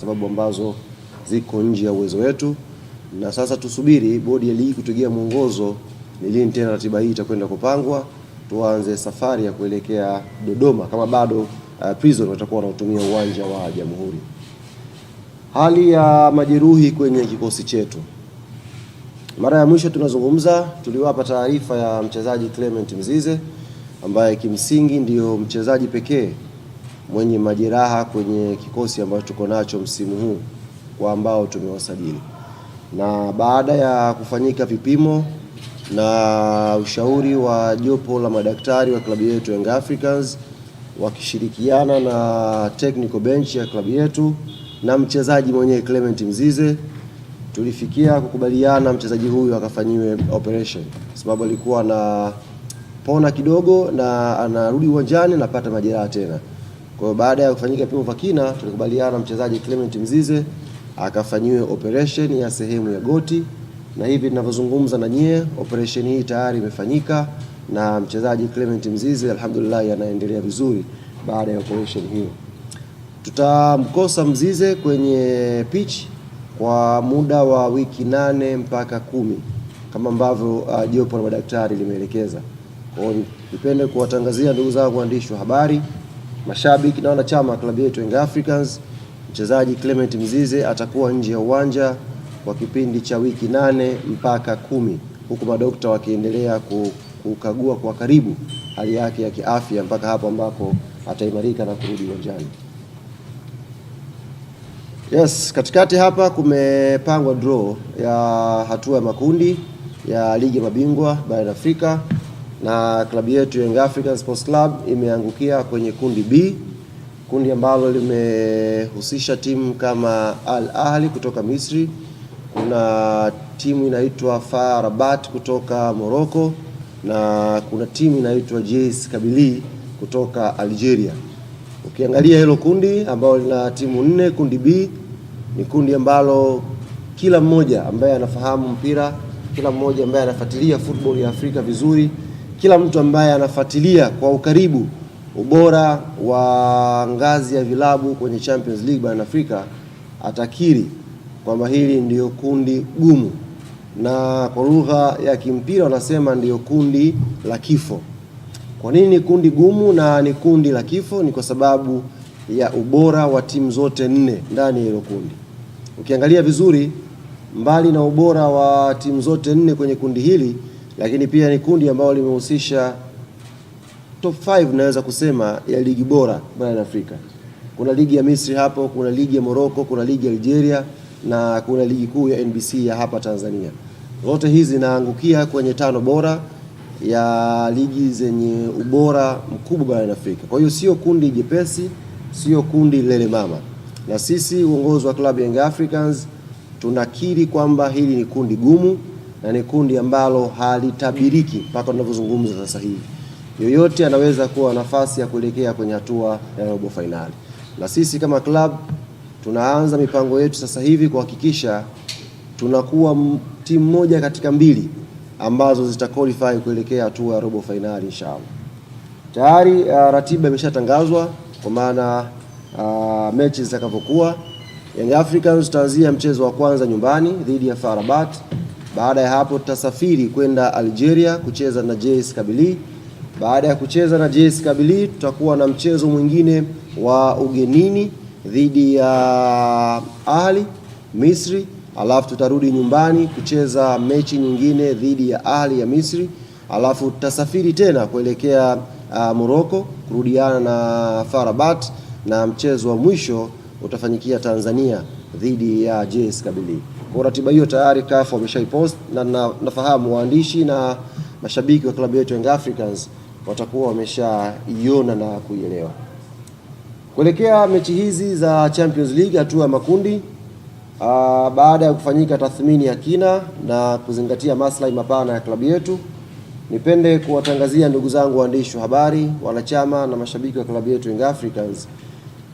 sababu ambazo ziko nje ya uwezo wetu, na sasa tusubiri bodi ya ligi kutegea mwongozo ni lini tena ratiba hii itakwenda kupangwa, tuanze safari ya kuelekea Dodoma kama bado uh, prison watakuwa wanaotumia uwanja wa Jamhuri. Hali ya majeruhi kwenye kikosi chetu, mara ya mwisho tunazungumza, tuliwapa taarifa ya mchezaji Clement Mzize ambaye kimsingi ndiyo mchezaji pekee mwenye majeraha kwenye kikosi ambacho tuko nacho msimu huu kwa ambao tumewasajili, na baada ya kufanyika vipimo na ushauri wa jopo la madaktari wa klabu yetu Young Africans wakishirikiana na technical bench ya klabu yetu na mchezaji mwenyewe Clement Mzize, tulifikia kukubaliana mchezaji huyu akafanyiwe operation, sababu alikuwa anapona kidogo na anarudi uwanjani napata majeraha tena. Kwa baada ya kufanyika vipimo vya kina, tulikubaliana mchezaji Clement Mzize akafanyiwe operation ya sehemu ya goti, na hivi ninavyozungumza na nyie, operation hii tayari imefanyika na mchezaji Clement Mzize alhamdulillah anaendelea vizuri. Baada ya operation hiyo, tutamkosa Mzize kwenye pitch kwa muda wa wiki nane mpaka kumi kama ambavyo uh, jopo la madaktari limeelekeza. Kwa hiyo nipende kuwatangazia ndugu zangu waandishi wa habari mashabiki na wanachama wa klabu yetu Young Africans, mchezaji Clement Mzize atakuwa nje ya uwanja kwa kipindi cha wiki nane mpaka kumi huku madokta wakiendelea kukagua kwa karibu hali yake ya kiafya mpaka hapo ambapo ataimarika na kurudi uwanjani. Yes, katikati hapa kumepangwa draw ya hatua ya makundi ya ligi ya mabingwa barani Afrika na klabu yetu Young African Sports Club imeangukia kwenye kundi B, kundi ambalo limehusisha timu kama Al Ahli kutoka Misri, kuna timu inaitwa FAR Rabat kutoka Morocco na kuna timu inaitwa JS Kabylie kutoka Algeria. Ukiangalia hilo kundi ambalo lina timu nne, kundi B ni kundi ambalo kila mmoja ambaye anafahamu mpira, kila mmoja ambaye anafuatilia football ya Afrika vizuri kila mtu ambaye anafuatilia kwa ukaribu ubora wa ngazi ya vilabu kwenye Champions League barani Afrika atakiri kwamba hili ndiyo kundi gumu, na kwa lugha ya kimpira wanasema ndiyo kundi la kifo. Kwa nini ni kundi gumu na ni kundi la kifo? Ni kwa sababu ya ubora wa timu zote nne ndani ya hilo kundi. Ukiangalia vizuri, mbali na ubora wa timu zote nne kwenye kundi hili lakini pia ni kundi ambalo limehusisha top 5 naweza kusema ya ligi bora barani Afrika. Kuna ligi ya Misri hapo, kuna ligi ya Morocco, kuna ligi ya Algeria na kuna ligi kuu ya NBC ya hapa Tanzania. Zote hizi zinaangukia kwenye tano bora ya ligi zenye ubora mkubwa barani Afrika. Kwa hiyo sio kundi jepesi, sio kundi lele mama, na sisi uongozi wa klabu Young Africans tunakiri kwamba hili ni kundi gumu na ni kundi ambalo halitabiriki mpaka tunavyozungumza sasa hivi. Yoyote anaweza kuwa nafasi ya kuelekea kwenye hatua ya robo fainali, na sisi kama club tunaanza mipango yetu sasa hivi kuhakikisha tunakuwa timu moja katika mbili ambazo zita qualify kuelekea hatua ya robo fainali inshallah. Tayari uh, ratiba imeshatangazwa kwa maana uh, mechi zitakavyokuwa. Young Africans tutaanzia mchezo wa kwanza nyumbani dhidi ya FAR Rabat baada ya hapo tutasafiri kwenda Algeria kucheza na JS Kabylie. Baada ya kucheza na JS Kabylie, tutakuwa na mchezo mwingine wa ugenini dhidi ya Ahli Misri, alafu tutarudi nyumbani kucheza mechi nyingine dhidi ya Ahli ya Misri, alafu tutasafiri tena kuelekea uh, Morocco kurudiana na Farabat na mchezo wa mwisho utafanyikia Tanzania dhidi ya JS Kabylie. Kwa ratiba hiyo tayari CAF wameshaipost na, na nafahamu waandishi na mashabiki wa klabu yetu Young Africans watakuwa wameshaiona na kuielewa. Kuelekea mechi hizi za Champions League hatua ya makundi aa, ah, baada ya kufanyika tathmini ya kina na kuzingatia maslahi mapana ya klabu yetu, nipende kuwatangazia ndugu zangu waandishi wa habari, wanachama na mashabiki wa klabu yetu Young Africans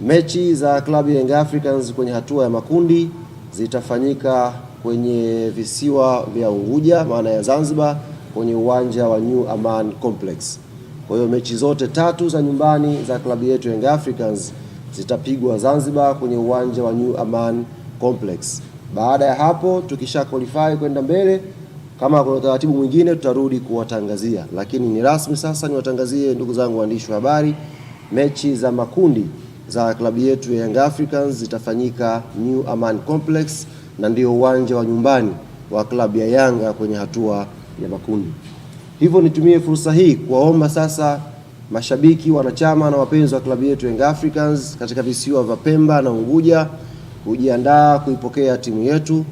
mechi za klabu ya Young Africans kwenye hatua ya makundi zitafanyika kwenye visiwa vya Unguja maana ya Zanzibar kwenye uwanja wa New Aman Complex. Kwa hiyo mechi zote tatu za nyumbani za klabu yetu Young Africans zitapigwa Zanzibar kwenye uwanja wa New Aman Complex. Baada ya hapo, tukisha qualify kwenda mbele, kama kuna utaratibu mwingine tutarudi kuwatangazia, lakini ni rasmi sasa niwatangazie ndugu zangu waandishi wa habari mechi za makundi za klabu yetu ya Young Africans zitafanyika New Aman Complex na ndio uwanja wa nyumbani wa klabu ya Yanga kwenye hatua ya makundi. Hivyo nitumie fursa hii kuwaomba sasa mashabiki, wanachama na wapenzi wa klabu yetu Young Africans katika visiwa vya Pemba na Unguja kujiandaa kuipokea timu yetu,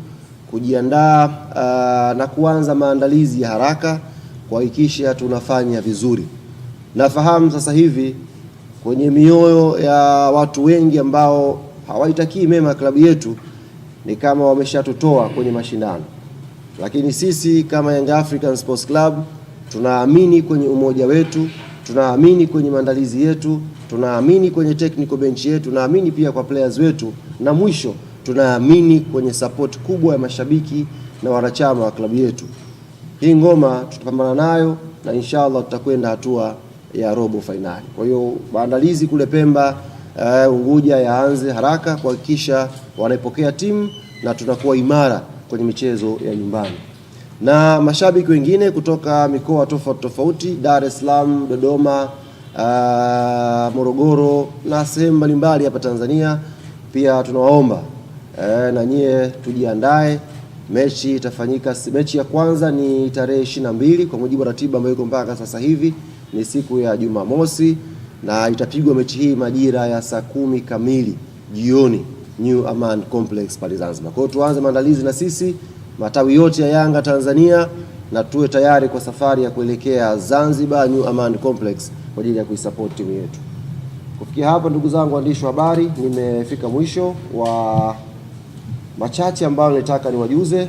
kujiandaa uh, na kuanza maandalizi ya haraka kuhakikisha tunafanya vizuri. Nafahamu sasa hivi kwenye mioyo ya watu wengi ambao hawaitakii mema klabu yetu, ni kama wameshatutoa kwenye mashindano. Lakini sisi kama Young African Sports Club tunaamini kwenye umoja wetu, tunaamini kwenye maandalizi yetu, tunaamini kwenye technical bench yetu, tunaamini pia kwa players wetu, na mwisho tunaamini kwenye support kubwa ya mashabiki na wanachama wa klabu yetu. Hii ngoma tutapambana nayo na inshallah tutakwenda hatua ya robo fainali. Kwa hiyo maandalizi kule Pemba uh, Unguja yaanze haraka kuhakikisha wanaipokea timu na tunakuwa imara kwenye michezo ya nyumbani. Na mashabiki wengine kutoka mikoa tofauti tofauti, Dar es Salaam, Dodoma, uh, Morogoro na sehemu mbalimbali hapa Tanzania, pia tunawaomba uh, na nyie tujiandae. Mechi itafanyika, mechi ya kwanza ni tarehe 22 mbili kwa mujibu wa ratiba ambayo iko mpaka sasa hivi ni siku ya Jumamosi na itapigwa mechi hii majira ya saa kumi kamili jioni New Aman Complex pale Zanzibar. Kwa hiyo tuanze maandalizi na sisi matawi yote ya Yanga Tanzania na tuwe tayari kwa safari ya kuelekea Zanzibar New Aman Complex kwa ajili ya kuisupport timu yetu. Kufikia hapa, ndugu zangu waandishi wa habari, nimefika mwisho wa machache ambayo nataka niwajuze.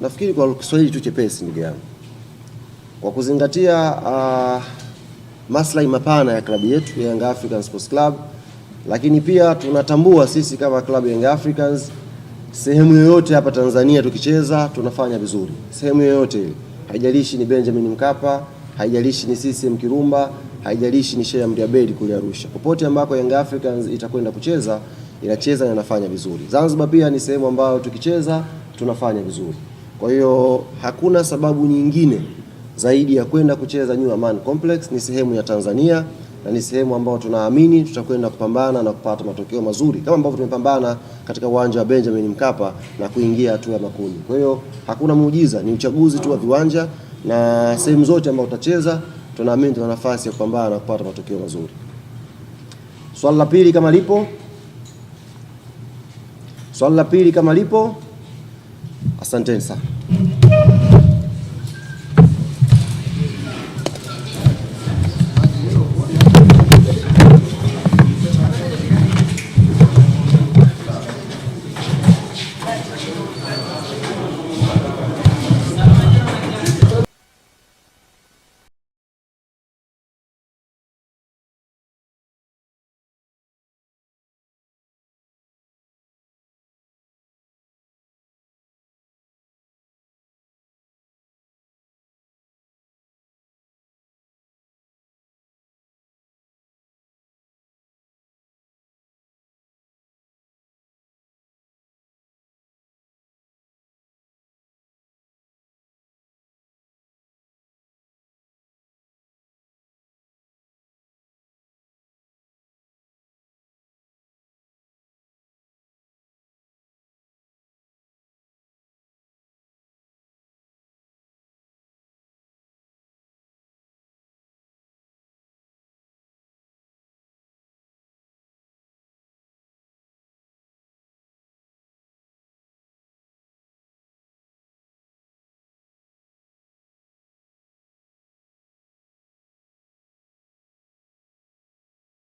nafikiri kwa Kiswahili tu chepesi, ndugu yangu, kwa kuzingatia uh, maslahi mapana ya klabu yetu ya Young Africans Sports Club, lakini pia tunatambua sisi kama klabu ya Young Africans, sehemu yoyote hapa Tanzania tukicheza tunafanya vizuri, sehemu yoyote haijalishi ni Benjamin Mkapa, haijalishi ni CCM Kirumba, haijalishi ni Sheikh Amri Abeid kule Arusha, popote ambako Young Africans itakwenda kucheza inacheza na inafanya vizuri. Zanzibar pia ni sehemu ambayo tukicheza tunafanya vizuri. Kwa hiyo hakuna sababu nyingine zaidi ya kwenda kucheza New Amaan Complex. Ni sehemu ya Tanzania na ni sehemu ambayo tunaamini tutakwenda kupambana na kupata matokeo mazuri kama ambavyo tumepambana katika uwanja wa Benjamin Mkapa na kuingia hatua ya makundi. Kwa hiyo hakuna muujiza, ni uchaguzi tu wa viwanja na sehemu zote ambazo tutacheza tunaamini tuna nafasi ya kupambana na kupata matokeo mazuri. Swali la pili kama lipo. Swali la pili kama lipo. Asanteni sana.